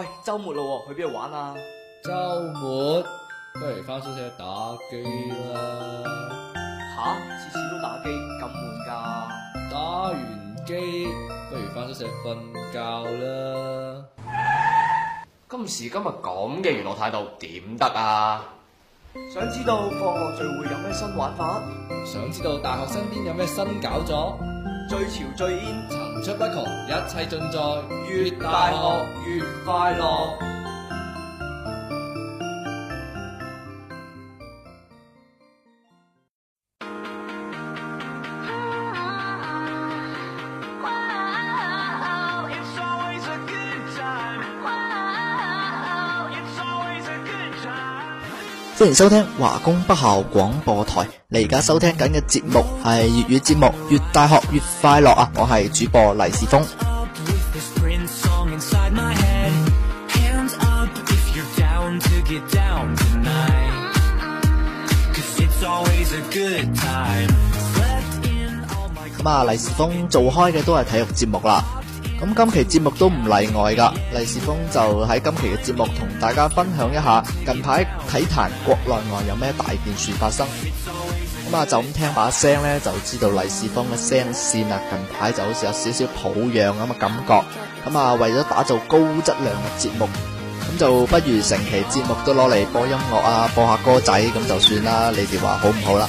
喂，周末咯，去邊度玩啊？周末不如翻宿舍打機啦。吓、啊，次次都打機，咁悶噶。打完機不如翻宿舍瞓覺啦。今時今日咁嘅娛樂態度，點得啊？想知道放學聚會有咩新玩法？想知道大學身邊有咩新搞作？最潮最煙，出不窮，一切盡在粵大學粵快樂。歡迎收聽華工北校廣播台，你而家收聽緊嘅節目係粵語節目《越大學越快樂》啊！我係主播黎時峰。咁啊，黎時峰做開嘅都係體育節目啦。咁今期節目都唔例外噶，黎仕峰就喺今期嘅節目同大家分享一下近排體壇國內外有咩大件事發生。咁啊，就咁聽把聲呢，就知道黎仕峰嘅聲線啊，近排就好似有少少抱恙咁嘅感覺。咁啊，為咗打造高質量嘅節目，咁就不如成期節目都攞嚟播音樂啊，播下歌仔咁就算啦，你哋話好唔好啦？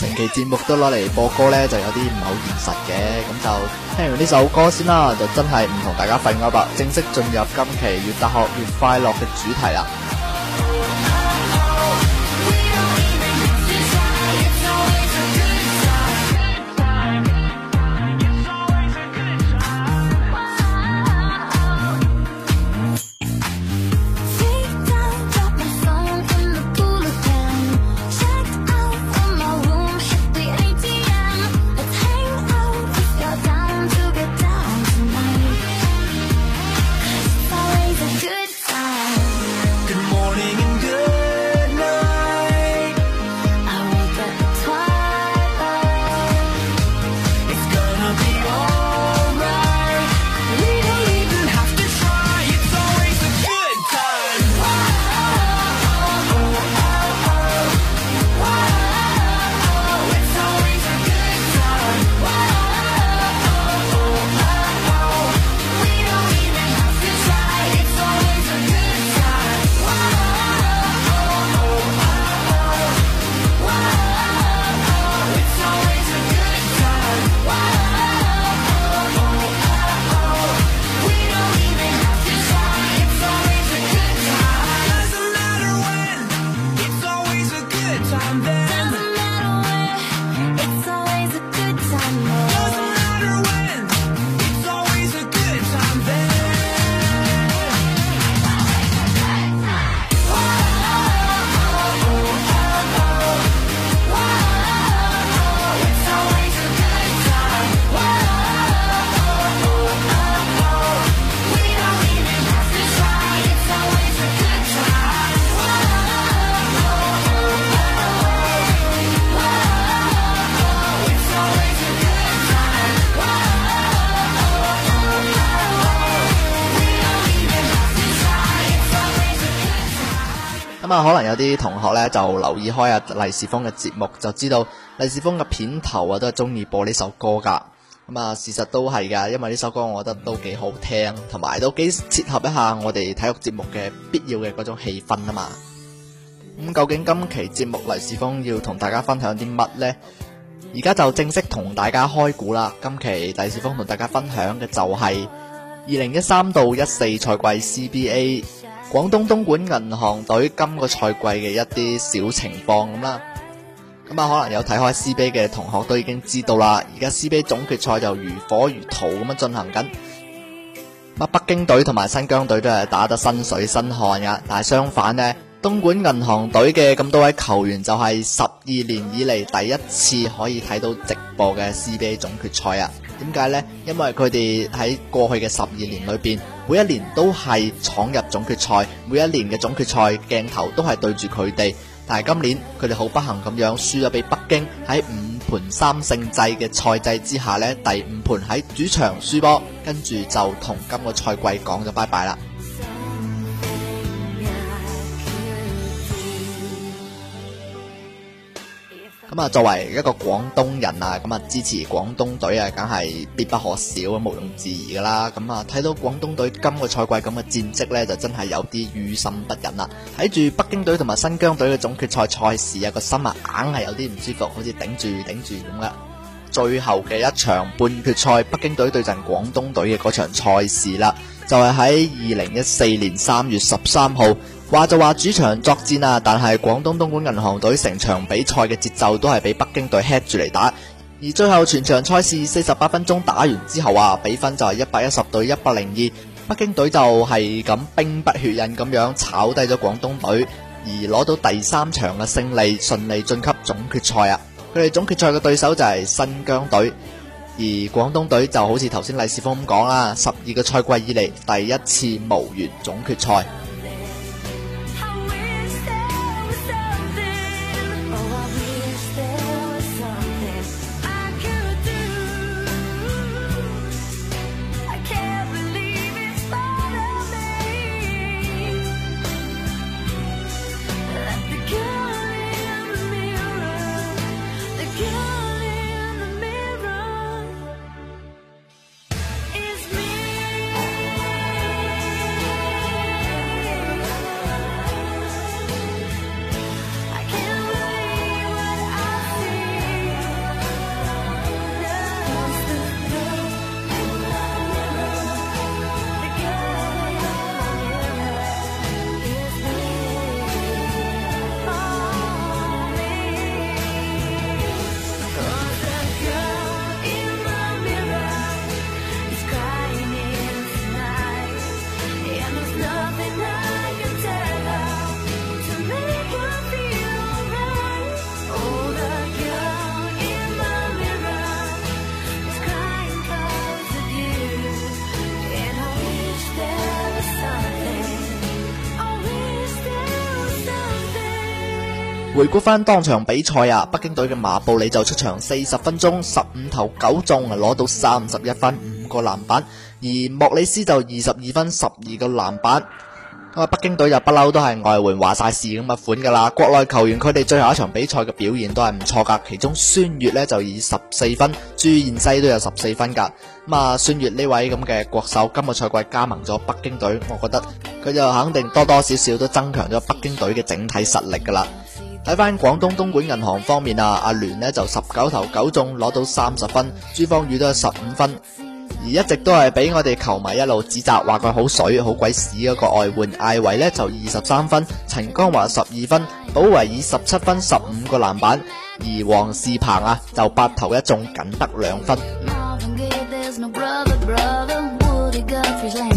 成期節目都攞嚟播歌呢，就有啲唔係好現實嘅，咁就聽完呢首歌先啦，就真係唔同大家廢話啦，正式進入今期粵大學粵快樂嘅主題啦。有啲同學咧就留意開啊黎士風嘅節目，就知道黎士風嘅片頭啊都係中意播呢首歌噶。咁、嗯、啊，事實都係噶，因為呢首歌我覺得都幾好聽，同埋都幾切合一下我哋體育節目嘅必要嘅嗰種氣氛啊嘛。咁、嗯、究竟今期節目黎士風要同大家分享啲乜呢？而家就正式同大家開估啦。今期黎士風同大家分享嘅就係二零一三到一四賽季 CBA。廣東東莞銀行隊今個賽季嘅一啲小情況咁啦，咁啊可能有睇開 CBA 嘅同學都已經知道啦，而家 CBA 總決賽就如火如荼咁樣進行緊。北京隊同埋新疆隊都係打得身水身汗噶，但係相反呢，東莞銀行隊嘅咁多位球員就係十二年以嚟第一次可以睇到直播嘅 CBA 總決賽啊！點解呢？因為佢哋喺過去嘅十二年裏邊，每一年都係闖入總決賽，每一年嘅總決賽鏡頭都係對住佢哋。但係今年佢哋好不幸咁樣輸咗俾北京，喺五盤三勝制嘅賽制之下咧，第五盤喺主場輸波，跟住就同今個賽季講咗拜拜啦。咁啊，作為一個廣東人啊，咁啊支持廣東隊啊，梗係必不可少咁，毋庸置疑噶啦。咁啊，睇到廣東隊今個賽季咁嘅戰績呢，就真係有啲於心不忍啦。睇住北京隊同埋新疆隊嘅總決賽賽事啊，個心啊硬係有啲唔舒服，好似頂住頂住咁啦。最後嘅一場半決賽，北京隊對陣廣東隊嘅嗰場賽事啦，就係喺二零一四年三月十三號。話就話主場作戰啊，但係廣東東莞銀行隊成場比賽嘅節奏都係俾北京隊食住嚟打，而最後全場賽事四十八分鐘打完之後啊，比分就係一百一十對一百零二，2, 北京隊就係咁兵不血刃咁樣炒低咗廣東隊，而攞到第三場嘅勝利，順利晉級總決賽啊！佢哋總決賽嘅對手就係新疆隊，而廣東隊就好似頭先李仕峰咁講啦，十二個賽季以嚟第一次無緣總決賽。回顧翻當場比賽啊，北京隊嘅馬布里就出場四十分鐘，十五投九中，攞到三十一分五個籃板。而莫里斯就二十二分十二個籃板。咁啊，北京隊就不嬲都係外援話晒事咁嘅款噶啦。國內球員佢哋最後一場比賽嘅表現都係唔錯噶。其中孫悅呢，就以十四分，朱彥西都有十四分噶。咁啊，孫悅呢位咁嘅國手，今個賽季加盟咗北京隊，我覺得佢就肯定多多少少都增強咗北京隊嘅整體實力噶啦。睇翻廣東東莞銀行方面啊，阿聯呢就十九投九中攞到三十分，朱芳雨都係十五分，而一直都係俾我哋球迷一路指責話佢好水好鬼屎嗰個外援艾維呢就二十三分，陳江華十二分，保威以十七分十五個籃板，而王仕鵬啊就八投一中僅得兩分。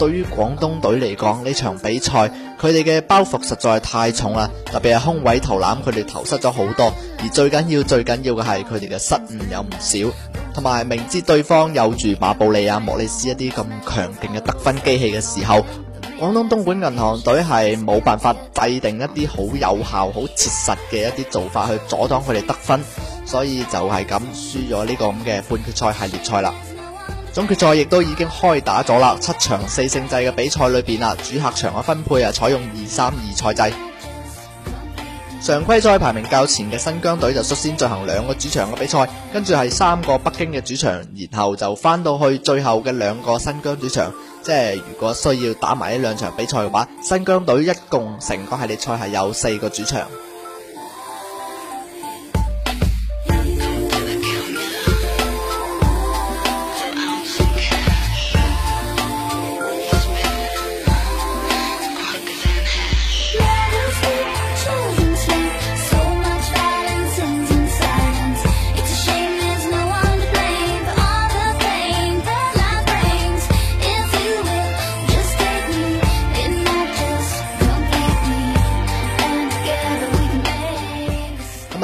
對於廣東隊嚟講，呢場比賽佢哋嘅包袱實在太重啦，特別係空位投籃，佢哋投失咗好多。而最緊要、最緊要嘅係佢哋嘅失誤有唔少，同埋明知對方有住馬布里啊、莫里斯一啲咁強勁嘅得分機器嘅時候，廣東東莞銀行隊係冇辦法制定一啲好有效、好切實嘅一啲做法去阻擋佢哋得分，所以就係咁輸咗呢個咁嘅半決賽系列賽啦。總決賽亦都已經開打咗啦，七場四勝制嘅比賽裏邊啊，主客場嘅分配啊，採用二三二賽制。常規賽排名較前嘅新疆隊就率先進行兩個主場嘅比賽，跟住係三個北京嘅主場，然後就翻到去最後嘅兩個新疆主場。即係如果需要打埋呢兩場比賽嘅話，新疆隊一共成個系列賽係有四個主場。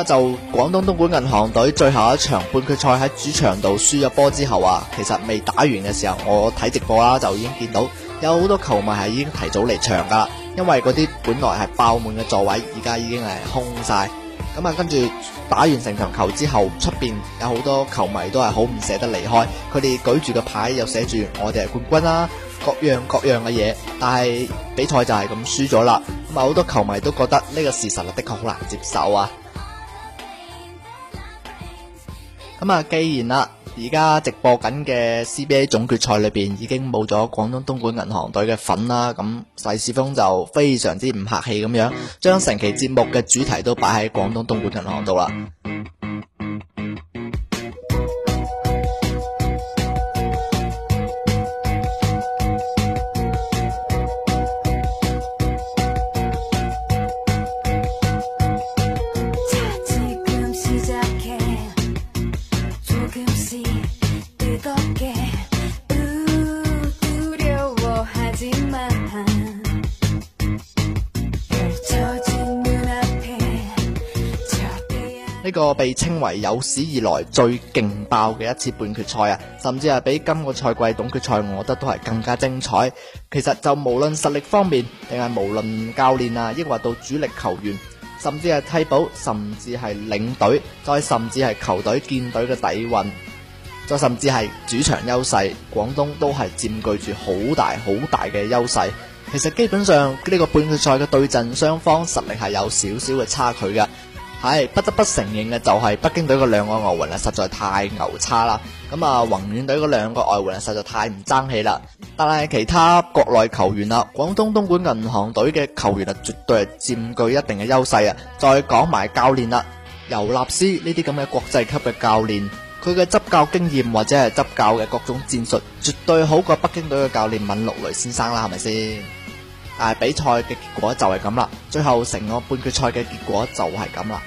就廣東東莞銀行隊最後一場半決賽喺主場度輸咗波之後啊，其實未打完嘅時候，我睇直播啦就已經見到有好多球迷係已經提早離場噶啦。因為嗰啲本來係爆滿嘅座位，而家已經係空晒。咁、嗯、啊，跟住打完成場球之後，出邊有好多球迷都係好唔捨得離開，佢哋舉住個牌又寫住我哋係冠軍啦、啊，各樣各樣嘅嘢。但係比賽就係咁輸咗啦，咁、嗯、啊，好多球迷都覺得呢個事實啊，的確好難接受啊。咁啊、嗯，既然啦、啊，而家直播緊嘅 CBA 總決賽裏邊已經冇咗廣東東莞銀行隊嘅份啦，咁世事峰就非常之唔客氣咁樣，將成期節目嘅主題都擺喺廣東東莞銀行度啦。個被稱為有史以來最勁爆嘅一次半決賽啊，甚至係比今個賽季總決賽，我覺得都係更加精彩。其實就無論實力方面，定係無論教練啊，抑或到主力球員，甚至係替補，甚至係領隊，再甚至係球隊建隊嘅底蘊，再甚至係主場優勢，廣東都係佔據住好大好大嘅優勢。其實基本上呢個半決賽嘅對陣雙方實力係有少少嘅差距㗎。係不得不承認嘅就係北京隊嘅兩個外援啊實在太牛叉啦，咁啊宏遠隊嗰兩個外援啊實在太唔爭氣啦。但係其他國內球員啦、啊，廣東東莞銀行隊嘅球員啊絕對係佔據一定嘅優勢啊。再講埋教練啦、啊，尤納斯呢啲咁嘅國際級嘅教練，佢嘅執教經驗或者係執教嘅各種戰術，絕對好過北京隊嘅教練閔鹿蕾先生啦，係咪先？誒，但比賽嘅結果就係咁啦，最後成個半決賽嘅結果就係咁啦。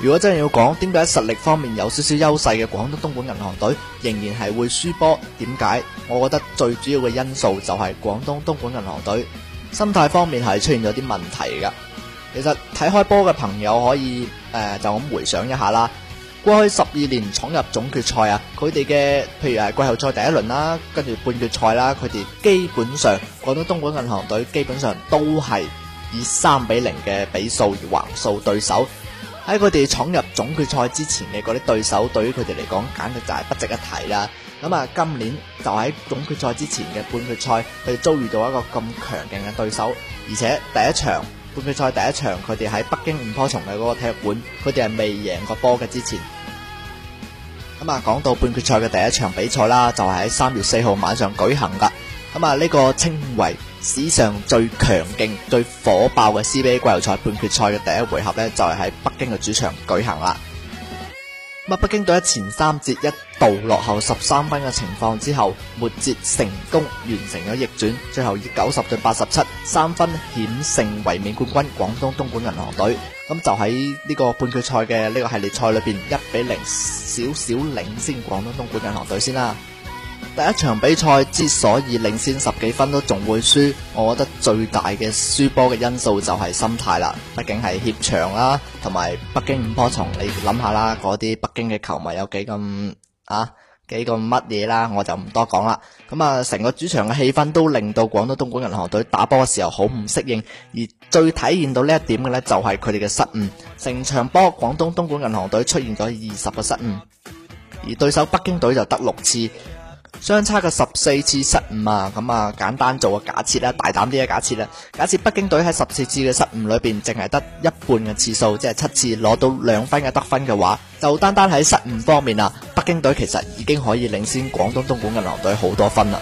如果真係要講，點解喺實力方面有少少優勢嘅廣東東莞銀行隊仍然係會輸波？點解？我覺得最主要嘅因素就係廣東東莞銀行隊心態方面係出現咗啲問題噶。其實睇開波嘅朋友可以誒，呃，就咁回想一下啦。過去十二年闖入總決賽啊，佢哋嘅，譬如係季後賽第一輪啦，跟住半決賽啦，佢哋基本上講到東莞銀行隊基本上都係以三比零嘅比數橫掃對手。喺佢哋闖入總決賽之前嘅嗰啲對手，對於佢哋嚟講，簡直就係不值一提啦。咁啊，今年就喺總決賽之前嘅半決賽，佢哋遭遇到一個咁強勁嘅對手，而且第一場。半決賽第一場，佢哋喺北京五棵松嘅嗰個體育館，佢哋係未贏過波嘅之前。咁、嗯、啊，講到半決賽嘅第一場比賽啦，就係喺三月四號晚上舉行噶。咁、嗯、啊、呢、這個稱為史上最強勁、最火爆嘅 CBA 季後賽半決賽嘅第一回合呢，就係、是、喺北京嘅主場舉行啦。啊、嗯，北京隊喺前三節一。倒落後十三分嘅情況之後，末節成功完成咗逆轉，最後以九十對八十七三分險勝衛冕冠軍廣東東莞銀行隊。咁、嗯、就喺呢個半決賽嘅、呢、呢個系列賽裏邊，一比零少少領先廣東東莞銀行隊先啦。第一場比賽之所以領先十幾分都仲會輸，我覺得最大嘅輸波嘅因素就係心態啦。畢竟係怯場啦，同埋北京五棵松，你諗下啦，嗰啲北京嘅球迷有幾咁？啊，幾個乜嘢啦，我就唔多講啦。咁、嗯、啊，成個主場嘅氣氛都令到廣東東莞銀行隊打波嘅時候好唔適應，而最體現到呢一點嘅呢，就係佢哋嘅失誤。成場波廣東東莞銀行隊出現咗二十個失誤，而對手北京隊就得六次。相差嘅十四次失誤啊，咁啊簡單做個假設啦，大膽啲嘅假設啦，假設北京隊喺十四次嘅失誤裏邊，淨係得一半嘅次數，即係七次攞到兩分嘅得分嘅話，就單單喺失誤方面啊，北京隊其實已經可以領先廣東東莞銀行隊好多分啦。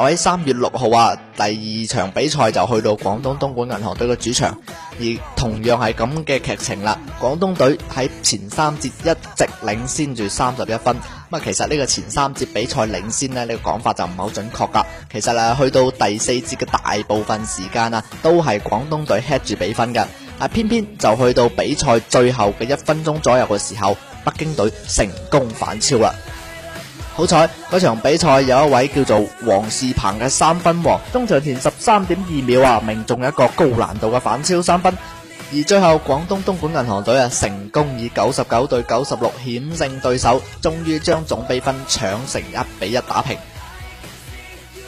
我喺三月六號啊，第二場比賽就去到廣東東莞銀行隊嘅主場，而同樣係咁嘅劇情啦。廣東隊喺前三節一直領先住三十一分，咁啊，其實呢個前三節比賽領先呢，呢個講法就唔係好準確噶。其實啊，去到第四節嘅大部分時間啊，都係廣東隊吃住比分噶，但偏偏就去到比賽最後嘅一分鐘左右嘅時候，北京隊成功反超啦。好彩嗰場比賽有一位叫做王仕鵬嘅三分王，中場前十三點二秒啊，命中一個高難度嘅反超三分，而最後廣東東莞銀行隊啊，成功以九十九對九十六險勝對手，終於將總比分搶成一比一打平。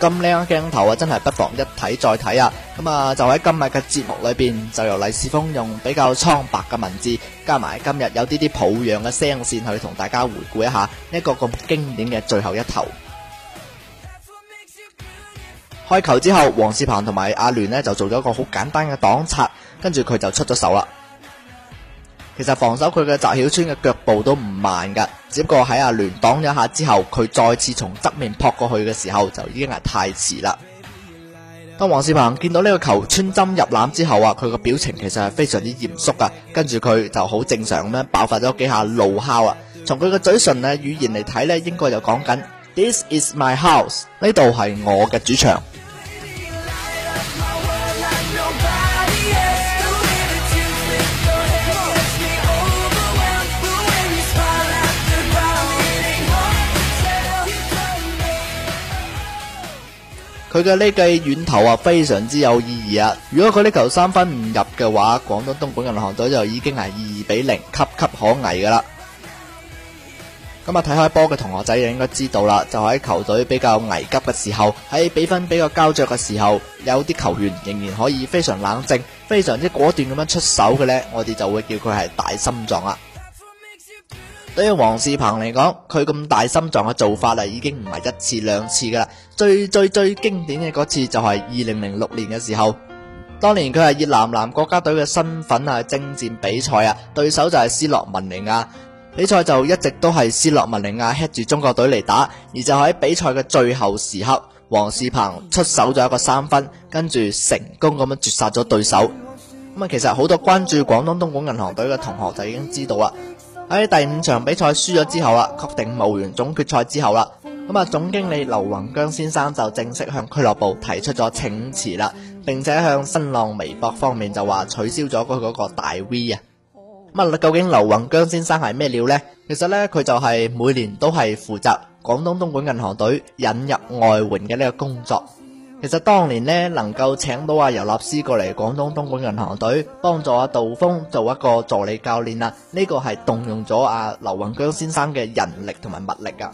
咁靚嘅鏡頭啊，真係不妨一睇再睇啊！咁啊，就喺今日嘅節目裏邊，就由黎士峰用比較蒼白嘅文字，加埋今日有啲啲抱恙嘅聲線，去同大家回顧一下一個咁經典嘅最後一投。 開球之後，王仕鵬同埋阿聯呢，就做咗一個好簡單嘅擋拆，跟住佢就出咗手啦。其實防守佢嘅翟曉川嘅腳步都唔慢噶，只不過喺阿聯擋咗一下之後，佢再次從側面撲過去嘅時候就已經係太遲啦。當王仕鵬見到呢個球穿針入籃之後，啊，佢個表情其實係非常之嚴肅噶。跟住佢就好正常咁樣爆發咗幾下怒吼啊。從佢嘅嘴唇咧語言嚟睇呢，應該就講緊 This is my house，呢度係我嘅主場。佢嘅呢記遠投啊，非常之有意義啊！如果佢呢球三分唔入嘅話，廣東東莞銀行隊就已經係二比零岌岌可危噶啦。咁啊，睇 開波嘅同學仔就應該知道啦，就喺球隊比較危急嘅時候，喺比分比較膠着嘅時候，有啲球員仍然可以非常冷靜、非常之果斷咁樣出手嘅呢，我哋就會叫佢係大心臟啦！對於王仕鵬嚟講，佢咁大心臟嘅做法啊，已經唔係一次兩次噶啦。最最最經典嘅嗰次就係二零零六年嘅時候，當年佢係以男籃國家隊嘅身份啊征戰比賽啊，對手就係斯洛文尼亞，比賽就一直都係斯洛文尼亞吃住中國隊嚟打，而就喺比賽嘅最後時刻，王仕鵬出手咗一個三分，跟住成功咁樣絕殺咗對手。咁啊，其實好多關注廣東東莞銀行隊嘅同學就已經知道啦。喺第五場比賽輸咗之後啦，確定無緣總決賽之後啦，咁啊總經理劉宏江先生就正式向俱樂部提出咗請辭啦，並且向新浪微博方面就話取消咗佢嗰個大 V 啊。咁啊究竟劉宏江先生係咩料呢？其實呢，佢就係每年都係負責廣東東莞銀行隊引入外援嘅呢個工作。其實當年咧，能夠請到阿、啊、尤納斯過嚟廣東東莞銀行隊，幫助阿、啊、杜鋒做一個助理教練啦，呢、這個係動用咗阿、啊、劉宏疆先生嘅人力同埋物力噶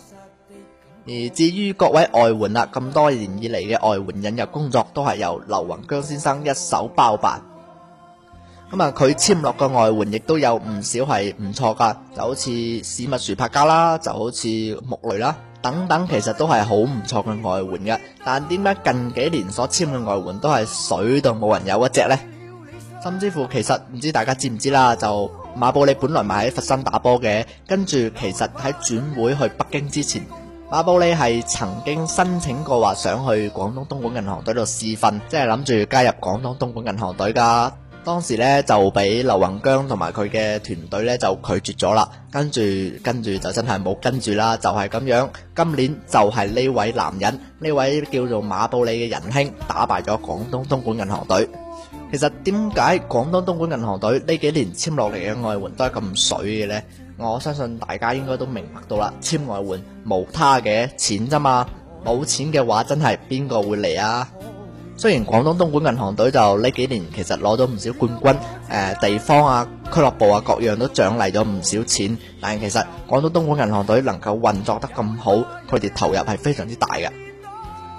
而至於各位外援啦，咁多年以嚟嘅外援引入工作，都係由劉宏疆先生一手包辦。咁啊，佢簽落嘅外援亦都有唔少係唔錯噶就好似史密殊柏加啦，就好似穆雷啦。等等，其實都係好唔錯嘅外援嘅，但點解近幾年所簽嘅外援都係水到冇人有一隻呢？甚至乎其實唔知大家知唔知啦，就馬布里本來咪喺佛山打波嘅，跟住其實喺轉會去北京之前，馬布里係曾經申請過話想去廣東東莞銀行隊度試訓，即係諗住加入廣東東莞銀行隊噶。當時咧就俾劉宏江同埋佢嘅團隊咧就拒絕咗啦，跟住跟住就真係冇跟住啦，就係咁樣。今年就係呢位男人，呢位叫做馬布里嘅仁兄打敗咗廣東東莞銀行隊。其實點解廣東東莞銀行隊呢幾年簽落嚟嘅外援都係咁水嘅呢？我相信大家應該都明白到啦，簽外援無他嘅錢啫嘛，冇錢嘅話真係邊個會嚟啊？雖然廣東東莞銀行隊就呢幾年其實攞咗唔少冠軍，誒、呃、地方啊俱樂部啊各樣都獎勵咗唔少錢，但係其實廣東東莞銀行隊能夠運作得咁好，佢哋投入係非常之大嘅。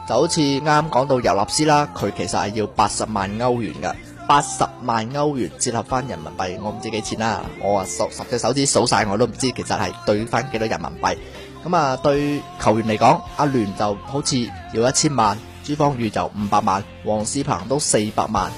就好似啱啱講到尤納斯啦，佢其實係要八十萬歐元噶，八十萬歐元折合翻人民幣，我唔知幾錢啦，我話十十隻手指數晒我都唔知，其實係兌翻幾多人民幣。咁啊，對球員嚟講，阿聯就好似要一千萬。朱芳雨就五百萬，王仕鵬都四百萬，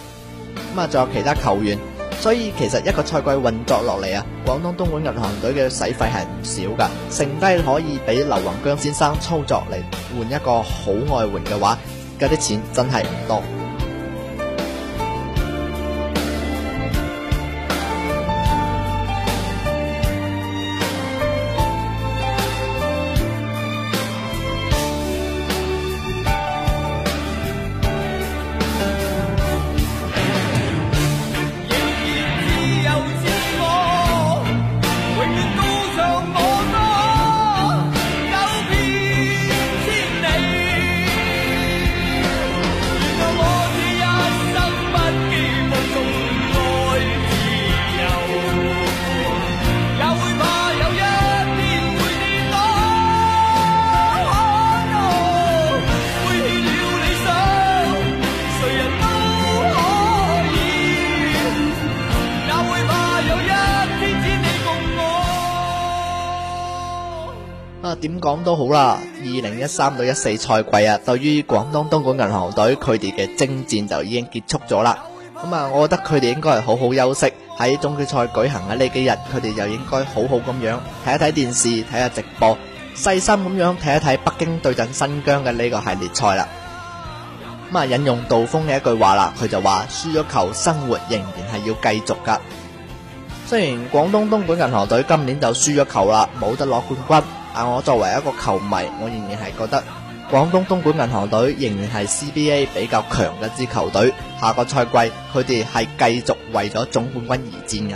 咁啊，仲有其他球員，所以其實一個賽季運作落嚟啊，廣東東莞銀行隊嘅使費係唔少噶，剩低可以俾劉宏疆先生操作嚟換一個好外援嘅話，嗰啲錢真係唔多。講都好啦，二零一三到一四賽季啊，對於廣東東莞銀行隊佢哋嘅征戰就已經結束咗啦。咁、嗯、啊，我覺得佢哋應該係好好休息，喺總決賽舉行嘅呢幾日，佢哋又應該好好咁樣睇一睇電視，睇下直播，細心咁樣睇一睇北京對陣新疆嘅呢個系列賽啦。咁、嗯、啊，引用杜鋒嘅一句話啦，佢就話：輸咗球，生活仍然係要繼續噶。雖然廣東東莞銀行隊今年就輸咗球啦，冇得攞冠軍。但我作為一個球迷，我仍然係覺得廣東東莞銀行隊仍然係 CBA 比較強嘅支球隊，下個賽季佢哋係繼續為咗總冠軍而戰嘅。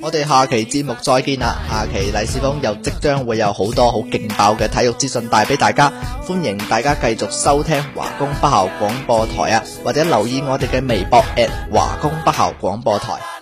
我哋下期節目再見啦！下期黎師峰又即將會有好多好勁爆嘅體育資訊帶俾大家，歡迎大家繼續收聽華工北校廣播台啊，或者留意我哋嘅微博 at 華工北校廣播台。